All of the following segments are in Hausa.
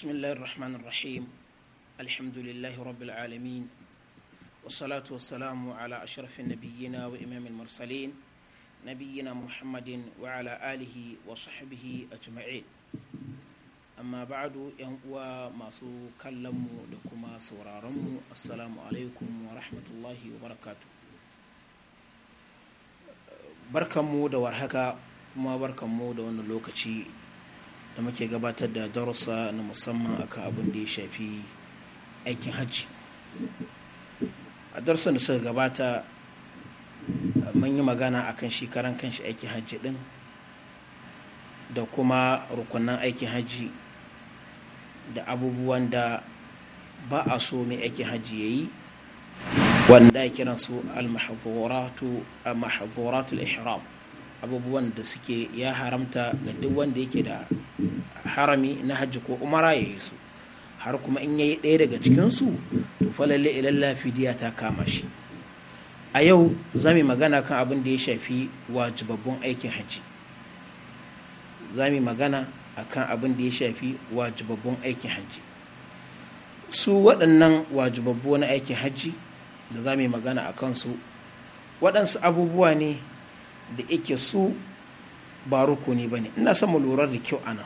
بسم الله الرحمن الرحيم الحمد لله رب العالمين والصلاة والسلام على أشرف النبيين وإمام المرسلين نبينا محمد وعلى آله وصحبه أجمعين أما بعد ينقوى ما سوكلم لكما سورارم السلام عليكم ورحمة الله وبركاته بركة مودة ورحكة kuma barkan mu da wani lokaci da muke gabatar da darussa na musamman akan abin da ya shafi aikin hajji a darussan da suka gabata mun yi magana akan shi karan kanshi aikin hajji din da kuma rukunan aikin hajji da abubuwan da ba a so mai aikin hajji ya yi wanda ya kiransu al al ihram abubuwan da suke ya haramta ga duk wanda yake da harami na hajji ko umara ya yi su har kuma in yayi ɗaya daga cikinsu to falalle ilalla diya ta kama shi a yau za mu magana kan abin da ya shafi wajibabbun aikin hajji za mu magana a kan abin da ya shafi wajibabbun aikin hajji su waɗannan wajibabbu na aikin hajji da za mu magana a kansu waɗansu abubuwa ne da yake su ba rukuni ba ne ina son mu lura da kyau ana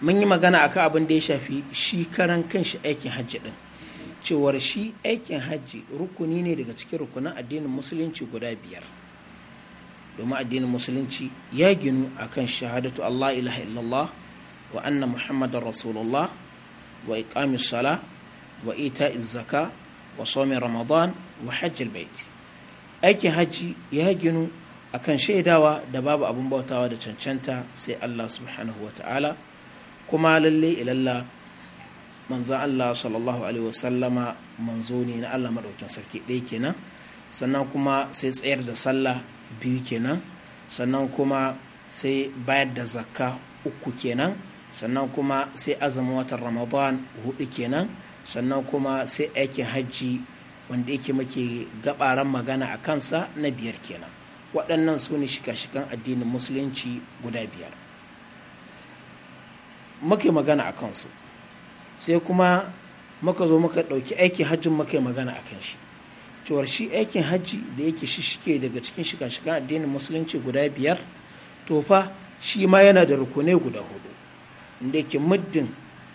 mun yi magana a akan abin da ya shafi shi karan kanshi aikin hajji din cewar shi aikin hajji rukuni ne daga cikin rukunan addinin musulunci guda biyar domin addinin musulunci ya ginu akan shahadatu Allah ilaha illallah wa anna muhammadar rasulullah wa iqamis sala wa ita'iz zaka wa somin ramadan wa hajjil baiti aikin hajji ya ginu kan shaidawa da babu abin bautawa da cancanta sai Allah subhanahu wa ta'ala kuma lalle ilalla manzan Allah sallallahu alaihi wasallama manzo ne na Allah maɗaukin sarki ɗaya kenan sannan kuma sai tsayar da sallah biyu kenan sannan kuma sai bayar da zakka uku kenan sannan kuma sai azumin watan ramadan hudu kenan sannan kuma sai aikin hajji wanda yake muke gabaran magana a kansa na biyar kenan waɗannan su ne shika-shikan addinin musulunci guda biyar muke magana a kansu sai kuma muka zo muka ɗauki aikin hajjin muka magana a kan shi cewar shi aikin hajji da yake shishike daga cikin shika-shikan addinin musulunci guda biyar to fa shi ma yana da rukunai guda hudu inda yake muddin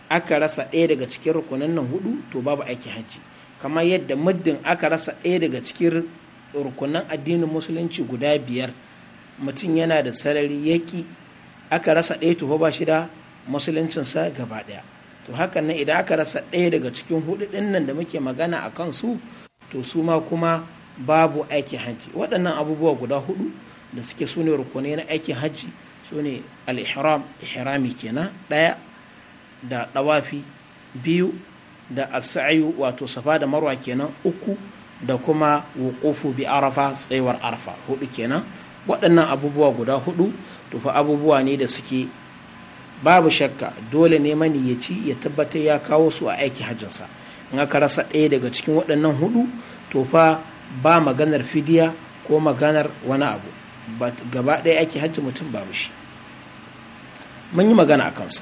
aka rasa ɗaya daga cikin rukunan nan hudu to babu aikin hajji kamar yadda muddin aka rasa ɗaya daga cikin rukunan addinin musulunci guda biyar mutum yana da sarari yaƙi aka rasa ɗaya tuho ba shida musuluncinsa gaba ɗaya to hakan nan idan aka rasa ɗaya daga cikin hudu nan da muke magana a kan su to su ma kuma babu aikin hajji waɗannan abubuwa guda hudu da suke su ne rukunai na aikin hajji su ne al-ihram ihrami kenan ɗaya da ɗawafi biyu da asayu wato safa da marwa kenan uku da kuma wukufu bi arafa tsayuwar arafa hudu kenan waɗannan abubuwa guda hudu tufa abubuwa ne da suke babu shakka dole ne mani ya tabbatar ya kawo su a aiki hajjinsa in aka rasa ɗaya daga cikin waɗannan hudu to fa ba maganar fidiya ko maganar wani abu gaba ɗaya aiki hajji mutum babu shi mun yi magana a kansu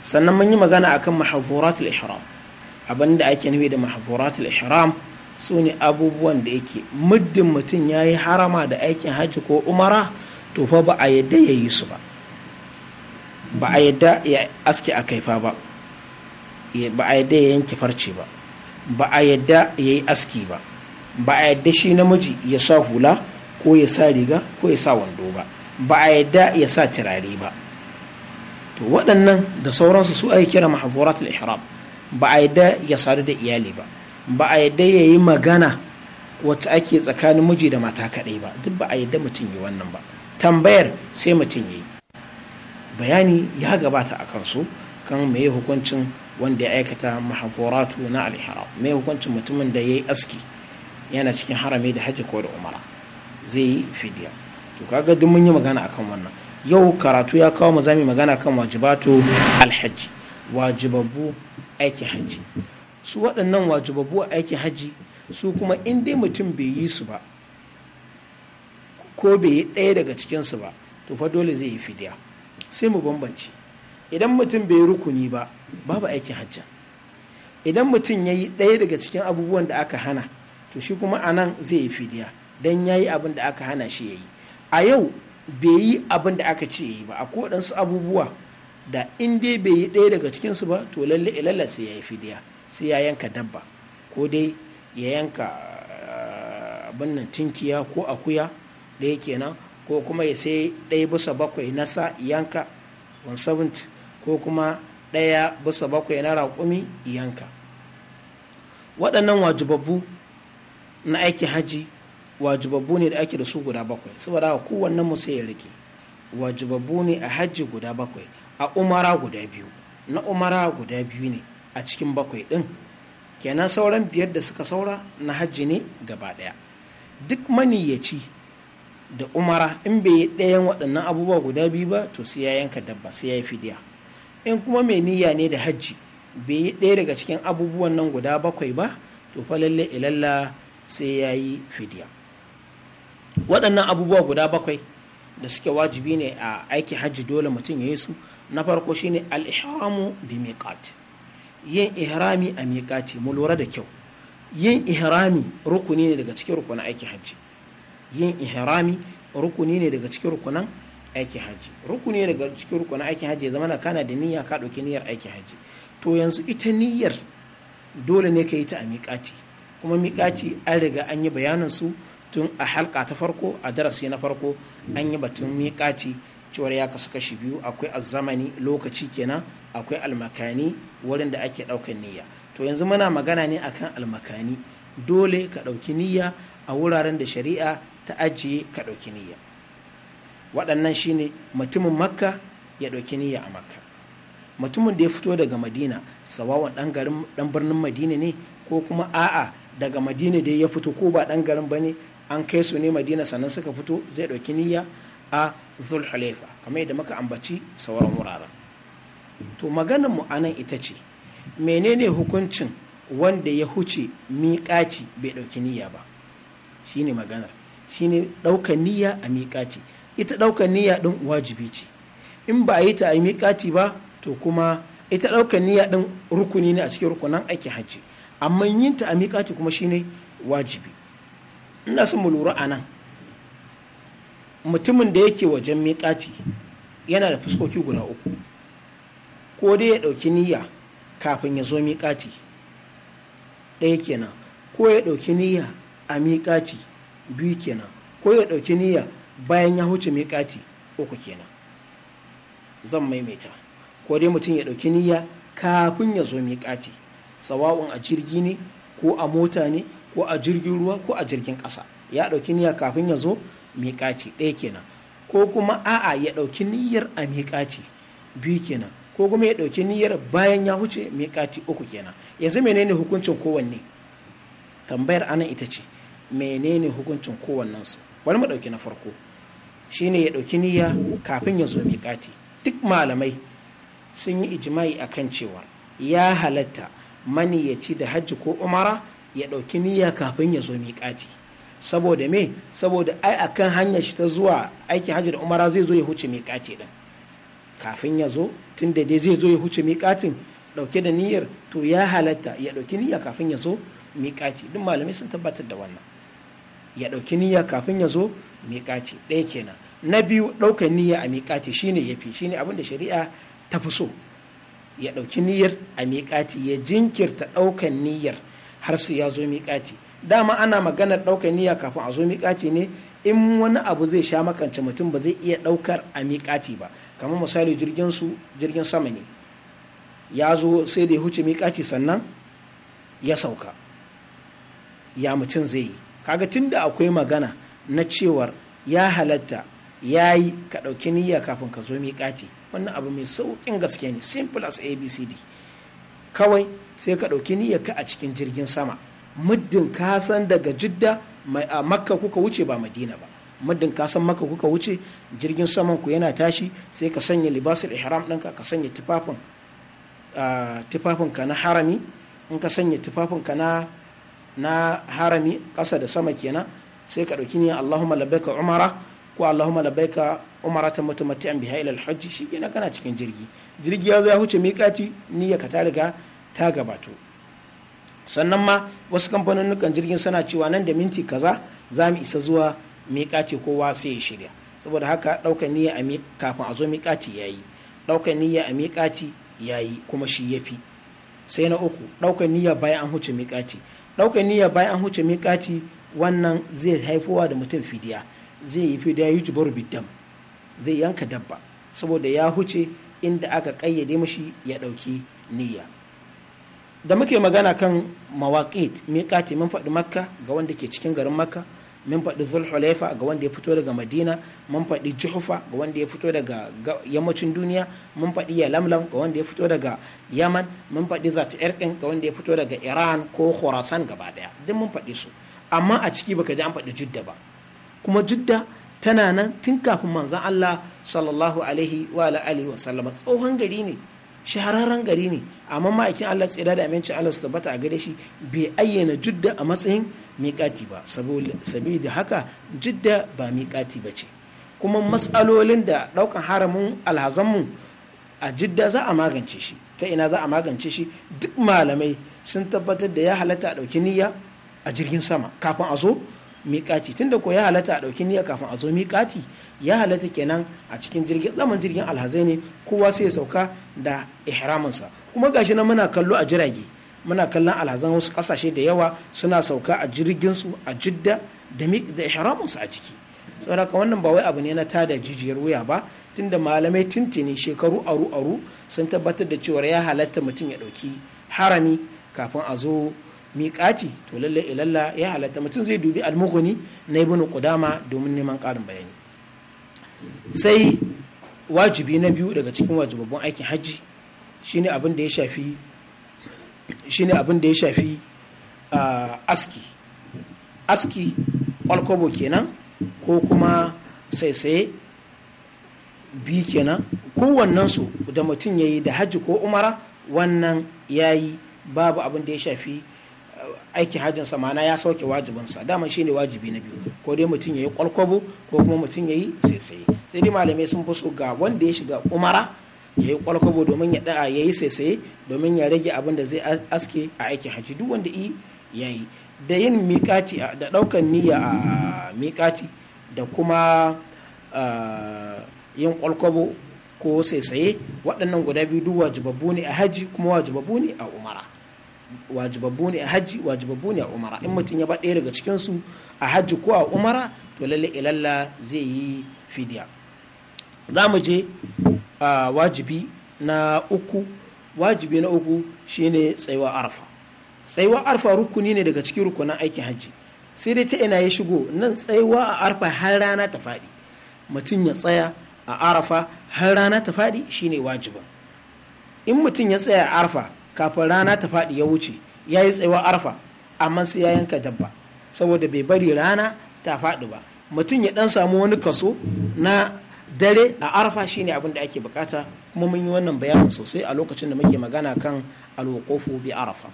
sannan mun yi magana akan mahazuratul ihram abinda ake nufi da mahfuratul ihram su ne abubuwan da yake muddin mutum ya yi harama da aikin hajji ko umara to fa ba a yadda ya yi su ba ba a yadda ya aske a kaifa ba ba a yadda ya yanke farce ba ba a yadda ya yi aski ba ba a yadda shi namiji ya sa hula ko ya sa riga ko ya sa wando ba ba a yadda ya sa turare ba to waɗannan da sauransu su ake kira mahfuratul ihram ba a yadda ya sadu da iyali ba ba a yadda ya yi magana wacce ake tsakanin miji da mata kaɗai ba duk ba a yadda mutum yi wannan ba tambayar sai mutum ya yi bayani ya gabata a kansu kan mai hukuncin wanda ya aikata mahaforatu na alhara mai hukuncin mutumin da ya yi aski yana cikin harami da hajji ko da umara zai yi fidiya to kaga duk mun yi magana akan wannan yau karatu ya kawo mu zami magana kan wajibatu alhaji wajibabu aiki hajji su waɗannan wajibabu a aiki hajji su kuma in dai mutum bai yi su ba ko bai yi ɗaya daga cikinsu ba to fa dole zai yi fidiya sai mu bambanci idan mutum bai rukuni ba babu aikin hajji idan mutum ya yi ɗaya daga cikin abubuwan da aka hana to shi kuma a nan zai yi fidiya don ya yi abin da aka hana shi ya yi a yau bai yi abin da aka ce ya yi ba a waɗansu abubuwa da in dai bai yi ɗaya daga cikinsu ba to lalle ilalla eh, sai ya yi fidiya sai ya yanka dabba ko dai ya yanka eh, abin nan tinkiya ko akuya ɗaya kenan ko kuma ya sai ɗaya bisa bakwai na sa yanka 170 ko kuma ɗaya bisa bakwai na raƙumi yanka waɗannan wajibabbu na aiki haji wajibabbu ne da ake da su guda bakwai saboda kowannen mu sai ya rike wajibabbu ne a hajji guda bakwai a umara guda biyu na umara guda biyu ne a cikin bakwai ɗin kenan sauran biyar da suka saura na hajji ne gaba ɗaya duk maniyyaci da umara in bai yi ɗayan waɗannan abubuwa guda biyu ba to sai ya yanka dabba sai ya yi fidiya in kuma mai niyya ne da hajji bai yi ɗaya daga cikin abubuwan nan guda bakwai ba to fa lalle ilalla sai ya yi fidiya waɗannan abubuwa guda bakwai da suke wajibi ne a aiki hajji dole mutum ya yi su na farko shine al-ihramu bi miqat yin ihrami a miqati mu lura da kyau yin ihrami rukuni ne daga cikin rukunan aikin hajji yin ihrami rukuni ne daga cikin rukunan aikin hajji rukuni ne daga cikin rukunan aiki hajji zama na kana da niyya ka dauki niyyar aiki hajji to yanzu ita niyyar dole ne ka yi ta a miƙaci kuma miƙaci an riga an yi bayanin su tun a halka ta farko a darasi na farko an yi batun miƙaci cewar ya kasu kashi biyu akwai azamani. lokaci kenan akwai almakani wurin da ake ɗaukan niyya to yanzu muna magana ne akan almakani dole ka ɗauki niyya a wuraren da shari'a ta ajiye ka ɗauki niyya waɗannan shine mutumin makka ya ɗauki niyya a makka mutumin da ya fito daga madina sawawan ɗan garin ɗan birnin madina ne ko kuma a'a daga madina da ya fito ko ba ɗan garin ba ne an kai su ne madina sannan suka fito zai ɗauki niyya a zulhulaifa kamar yadda muka ambaci sauran wuraren to maganar mu anan ita ce menene hukuncin wanda ya huce miƙaci bai ɗauki niyya ba shine maganar shine ɗaukar niyya a miƙaci ita ɗaukar niyya ɗin wajibi ce in ba a yi ta a miƙaci ba to kuma ita ɗaukar niyya ɗin rukuni ne a cikin rukunan aiki hajji amma yin ta a miƙaci kuma shine wajibi ina son mu lura a nan mutumin da yake wajen miƙaci yana da fuskoki guda uku ko dai ya ɗauki niyya kafin ya zo miƙaci ɗaya kenan ko ya ɗauki niyya a miƙaci biyu kenan ko ya ɗauki niyya bayan ya huce miƙaci uku kenan zan maimaita ko dai mutum ya ɗauki niyya kafin ya zo miƙaci sawa'un a jirgi ne ko a mota ne ko a jirgin ruwa ko a jirgin ƙasa ya ɗauki niyya kafin ya zo miƙaci ɗaya kenan ko kuma a'a ya ɗauki niyyar a miƙaci biyu kenan ko kuma ya ɗauki niyyar bayan ya huce miƙaci uku kenan yanzu menene hukuncin kowanne tambayar anan ita ce menene hukuncin su wani mu ɗauki na farko shine ya ɗauki niyya kafin ya zo miƙaci duk malamai sun yi ijimai akan cewa ya halatta maniyaci da hajji ko umara ya ɗauki niyya kafin ya zo miƙaci saboda me saboda ai akan hanyar shi ta zuwa aiki hajji da umara zai zo ya huce miƙati din kafin ya zo tun da dai zai zo ya huce miƙacin ɗauke da niyyar to ya halatta ya ɗauki niyya kafin ya zo miƙaci duk malamai sun tabbatar da wannan ya ɗauki niyya kafin ya zo miƙaci ɗaya kenan na biyu ɗaukar niyya a miƙaci shine yafi shine abin da shari'a ta fi so ya ɗauki niyyar a miƙaci ya jinkirta ɗaukar niyyar har su ya zo miƙaci dama ana maganar ɗaukar niyya kafin a zo miƙaci ne in wani abu zai sha makance mutum ba zai iya ɗaukar a miƙaci ba kamar misali jirgin su jirgin sama ne ya zo sai da ya huce miƙaci sannan ya sauka ya mutum zai yi kaga da akwai magana na cewar ya halatta ya yi ka ɗauki niyya kafin ka zo miƙaci wannan abu mai sauƙin gaske ne simple as abcd kawai sai ka ɗauki ka a cikin jirgin sama muddin ka san daga jidda a makka kuka wuce ba madina ba muddin ka san makka kuka wuce jirgin saman ku yana tashi sai ka sanya libasul ihram ɗinka ka sanya tufafin tufafin ka na harami in ka sanya tufafin ka na na harami ƙasa da sama kenan sai ka ɗauki niyan Allahumma labbaika umara ko Allahumma labbaika umara ta an biha ila al shi kana cikin jirgi jirgi ya zo ya huce miƙati niyya ka ta riga ta gabato sannan ma wasu kamfanonin jirgin suna cewa nan da minti kaza za mu isa zuwa miƙaci kowa sai ya shirya saboda haka ɗaukar niyya a kafin a zo miƙaci ya yi ɗaukar niyya a miƙaci ya yi kuma shi ya fi sai na uku ɗaukar niyya bayan an huce miƙaci ɗaukar niyya bayan an huce miƙaci wannan zai haifowa da mutum fidiya zai yi fidiya yi jubar biddam zai yanka dabba saboda ya huce inda aka ƙayyade mashi ya ɗauki niyya da muke magana kan mawaƙit miƙati mun faɗi makka ga wanda ke cikin garin makka mun faɗi zulhulaifa ga wanda ya fito daga madina mun faɗi juhufa ga wanda ya fito daga yammacin duniya mun faɗi yalamlam ga wanda ya fito daga yaman mun faɗi zatu irkin ga wanda ya fito daga iran ko khorasan gaba daya duk mun faɗi su amma a ciki baka ji an faɗi judda ba kuma judda tana nan tun kafin manzon allah sallallahu alaihi wa alihi wa sallama tsohon gari ne shahararren gari ne amma ma'aikin Allah tsira da amincin Allah su tabbata a gare shi bai ayyana judda a matsayin miƙati ba saboda haka judda ba miƙati ba ce kuma matsalolin da ɗaukan haramun alhazanmu a jidda za a magance shi ta ina za a magance shi duk malamai sun tabbatar da ya halatta a ɗauki niyya a jirgin sama kafin a zo miƙaci tunda ko ya halatta a ɗauki niyya kafin a zo miƙaci ya halatta kenan a cikin jirgin zaman jirgin alhazai ne kowa sai ya sauka da ihraminsa kuma gashi na muna kallo a jirage muna kallon alhazan wasu ƙasashe da yawa suna sauka a jirginsu a jidda da ihraminsu a ciki saboda wannan ba wai abu ne na tada jijiyar wuya ba tunda malamai tuntuni shekaru aru aru sun tabbatar da cewa ya halatta mutum ya ɗauki harami kafin a zo miƙaci to lallai ilalla eh, ya halatta mutum zai dubi almuguni na ibn qudama domin neman ƙarin bayani sai wajibi na biyu daga cikin wajibabban aikin hajji shine abin da ya shafi abin da ya shafi aski aski kwalkwabo kenan ko kuma saisaye bi kenan su da mutum ya yi da hajji ko umara wannan ya yi babu abin da ya shafi aikin hajjin sa ma'ana ya sauke wajibin sa dama shine wajibi na biyu ko dai mutum yayi kwalkwabo ko kuma mutum yayi saisaye sai dai malamai sun fi so ga wanda ya shiga umara yayi kwalkwabo domin ya da'a yayi saisaye domin ya rage abin da zai aske a aikin hajji duk wanda i yayi da yin miƙati da ɗaukan niyya a miƙati da kuma yin kwalkwabo ko saisaye waɗannan guda biyu duk wajibabu ne a haji kuma wajibabu ne a umara wajibabbu ne a hajji wajibabbu ne a umara in mutum ya ba ɗaya daga cikinsu a hajji ko a umara to lalle ilalla zai yi fidiya za mu je a wajibi na uku wajibi na uku shine tsayuwa arfa tsayuwa arfa rukuni ne daga cikin rukunan aikin hajji sai dai ta ina ya shigo nan tsayuwa a arfa har rana ta faɗi mutum ya tsaya a arfa har rana ta faɗi shine wajibin in mutum ya tsaya a arfa kafin rana ta faɗi ya wuce ya yi tsayuwa arfa amma sai ya yanka dabba saboda bai bari rana ta faɗi ba mutum ya ɗan samu wani kaso na dare a arfa shine abin da ake bukata kuma mun yi wannan bayanin sosai a lokacin da muke magana kan alwakofu bi arafa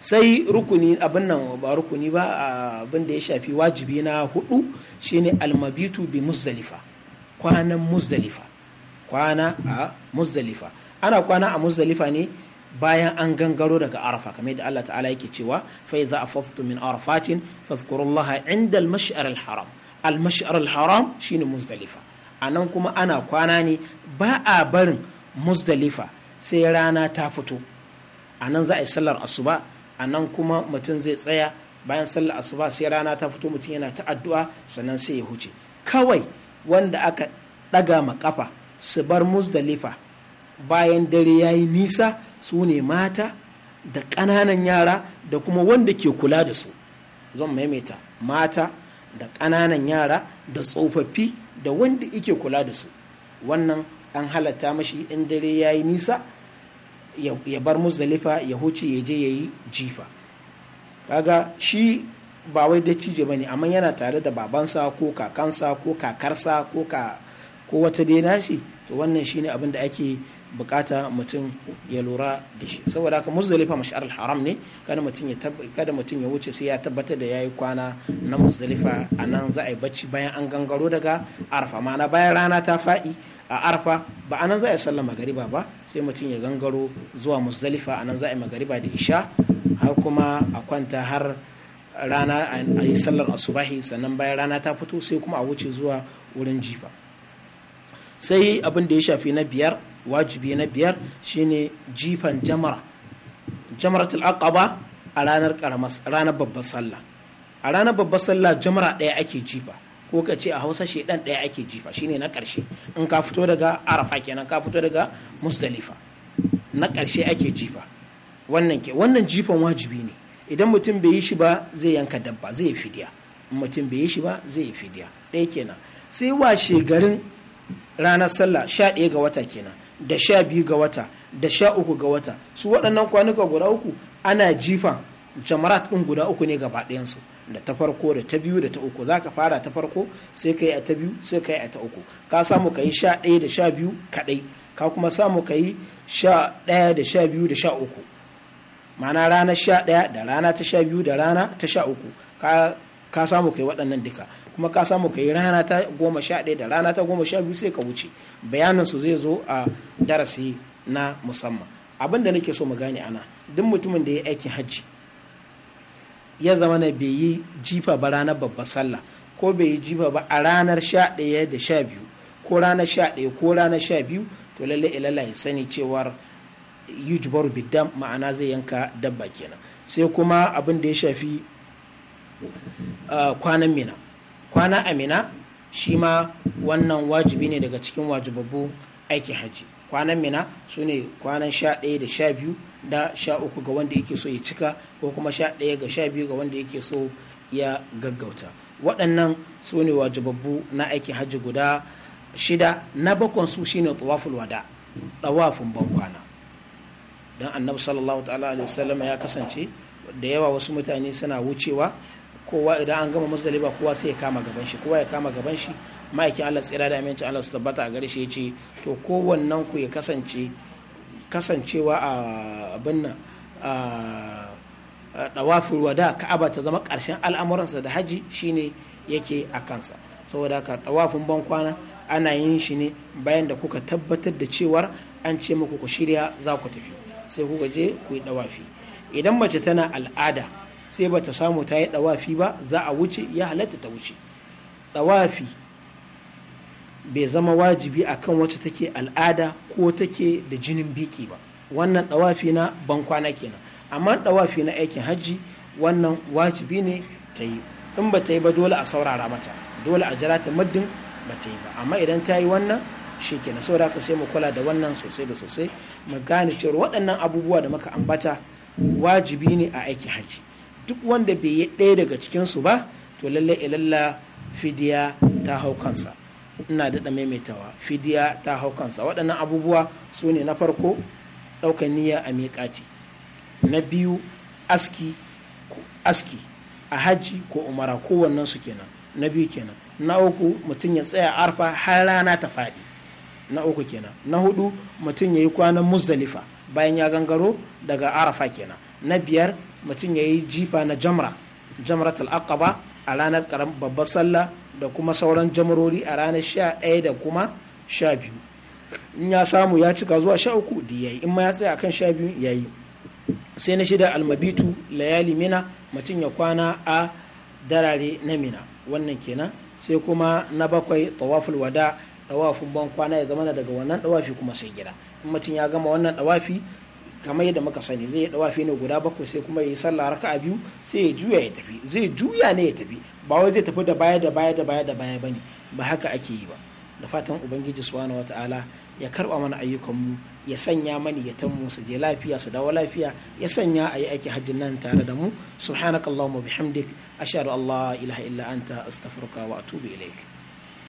sai rukuni abin nan ba rukuni ba abin da ya shafi wajibi na hudu shine almabitu bi muzdalifa kwanan muzdalifa kwana a muzdalifa ana kwana a muzdalifa ne bayan an gangaro daga arafa kamar da Allah ta'ala yake cewa fa idza afadtu min arafatin fadhkurullaha inda al-mash'ar al-haram al-mash'ar al-haram shine muzdalifa anan kuma ana kwana ne ba a barin muzdalifa sai rana ta fito anan za a yi sallar asuba anan kuma mutum zai tsaya bayan sallar asuba sai rana ta fito mutum yana ta addu'a sannan sai ya huce kawai wanda aka daga ma kafa su bar muzdalifa bayan dare ya yi nisa su ne mata da ƙananan yara da kuma wanda ke kula da su zan maimaita mata da ƙananan yara da tsofaffi da wanda ike kula da su wannan an halatta mashi in dare ya yi nisa ya bar musdalifa ya huce ya je ya yi jifa kaga shi ba wai da cije ba ne amma yana tare da babansa ko kakansa ko kakarsa ko ka ko wata dai nashi to wannan shine abin da ake bukata mutum ya lura da shi saboda haka muzdalifa mashar haram ne kada mutum ya kada mutum ya wuce sai ya tabbatar da yayi kwana na muzdalifa a nan za a yi bacci bayan an gangaro daga arfa na bayan rana ta faɗi a arfa ba a nan za a yi sallar magariba ba sai mutum ya gangaro zuwa muzdalifa anan za a yi magariba da isha har kuma a kwanta har rana a yi sallar asubahi sannan bayan rana ta fito sai kuma a wuce zuwa wurin jifa sai abin da ya shafi na biyar wajibi na biyar shine jifan jamara jamaratul aqaba a ranar karamar ranar babbar sallah a ranar babbar sallah jamara ɗaya ake jifa ko ka ce a hausa shedan ɗaya ake jifa shine na ƙarshe in ka fito daga arafa kenan ka fito daga mustalifa na ƙarshe ake jifa wannan ke wannan jifan wajibi ne idan mutum bai yi shi ba zai yanka dabba zai yi fidiya mutum bai yi shi ba zai yi fidiya ɗaya kenan sai washe garin ranar sallah sha ɗaya ga wata kenan da sha biyu ga wata da sha uku ga wata su waɗannan kwanuka guda uku ana jifa jamarat ɗin guda uku ne gaba ɗayansu da ta farko da ta biyu da ta uku za ka fara ta farko sai ka yi a ta biyu sai ka yi a ta uku ka samu ka yi sha ɗaya da sha biyu kaɗai ka kuma samu ka yi sha ɗaya da sha biyu da sha uku ma'ana ranar sha ɗaya da rana ta sha biyu da rana ta sha uku ka samu ka yi waɗannan duka kuma ka samu ka yi rana ta goma sha ɗaya da rana ta goma sha biyu sai ka wuce bayanin su zai zo a darasi na musamman abin da nake so mu gane ana duk mutumin da ya aikin hajji ya zama na bai yi jifa ba ranar babbar sallah ko bai yi jifa ba a ranar sha ɗaya da sha biyu ko ranar sha ɗaya ko ranar sha biyu to lalle ilalla ya sani cewar yujbar biddam ma'ana zai yanka dabba kenan sai kuma abin da ya shafi ah, kwanan mina kwana amina shi ma wannan wajibi ne daga cikin wajibabbu aikin hajji kwanan mina su ne kwanan sha ɗaya da sha biyu da sha uku ga wanda yake so ya cika ko kuma sha ɗaya ga sha biyu ga wanda yake so ya gaggauta waɗannan su ne wajibabbu na aiki hajji guda shida na bakon su shine tawaful wada ɗawafin kwana don annabi sallallahu ta'ala ya kasance da yawa wasu mutane suna wucewa kowa idan an gama ba kowa sai ya kama gaban shi kowa ya kama gaban shi ma'aikin Allah tsira da amincin Allah su tabbata a ya ce to kowannen ku ya kasance kasancewa a abin nan a dawafin wada ka'aba ta zama karshen al'amuransa da haji shine yake a kansa saboda haka dawafin kwana ana yin shi ne bayan da kuka tabbatar da cewar an ce muku ku shirya za ku tafi sai kuka je ku yi dawafi idan mace tana al'ada sai ba ta samu ta yi ɗawafi ba za a wuce ya halatta ta wuce ɗawafi bai zama wajibi akan wacce take al'ada ko take da jinin biki ba wannan ɗawafi na bankwana kenan amma ɗawafi na aikin hajji wannan wajibi ne ta yi in ba ta yi ba dole a saurara mata dole a jira ta muddin ba ta yi ba amma idan ta yi wannan shi kenan saboda haka sai mu kula da wannan sosai da sosai mu gane cewa waɗannan abubuwa da muka ambata wajibi ne a aikin hajji duk wanda bai yi ɗaya daga cikinsu ba to lalle ilalla fidiya ta hau kansa ina daɗa maimaitawa fidiya ta hau kansa waɗannan abubuwa su ne na farko ɗaukar niyya a miƙati na biyu aski a hajji ko umara kowannen su kenan na biyu kenan na uku mutum ya tsaya arfa har rana ta faɗi na uku kenan na hudu mutum ya yi kwanan musdalifa bayan ya gangaro daga arafa kenan na biyar mutum ya yi jifa na jamra jamratul al'aqaba a ranar babbar sallah da kuma sauran jamarori a ranar sha ɗaya da kuma sha biyu in ya samu ya cika zuwa sha uku da ya yi in ma ya tsaya kan sha biyu ya yi sai na shida almabitu layali mina mutum ya kwana a darare na mina wannan kenan sai kuma na bakwai tawaful wada dawafin ban kwana ya zama daga wannan dawafi kuma sai gida in mutum ya gama wannan dawafi kamar yadda muka sani zai dawa ne guda bakwai sai kuma yi sallah a biyu sai ya juya ya tafi zai juya ne ya tafi ba wai zai tafi da baya da baya da baya da baya bane ba haka ake yi ba da fatan ubangiji subhanahu wataala ya karba mana ayyukan mu ya sanya mani ya tammu su je lafiya su dawo lafiya ya sanya ayi aiki hajjin nan tare da mu subhanakallahumma bihamdik ashhadu an la ilaha illa anta astaghfiruka wa atubu ilaik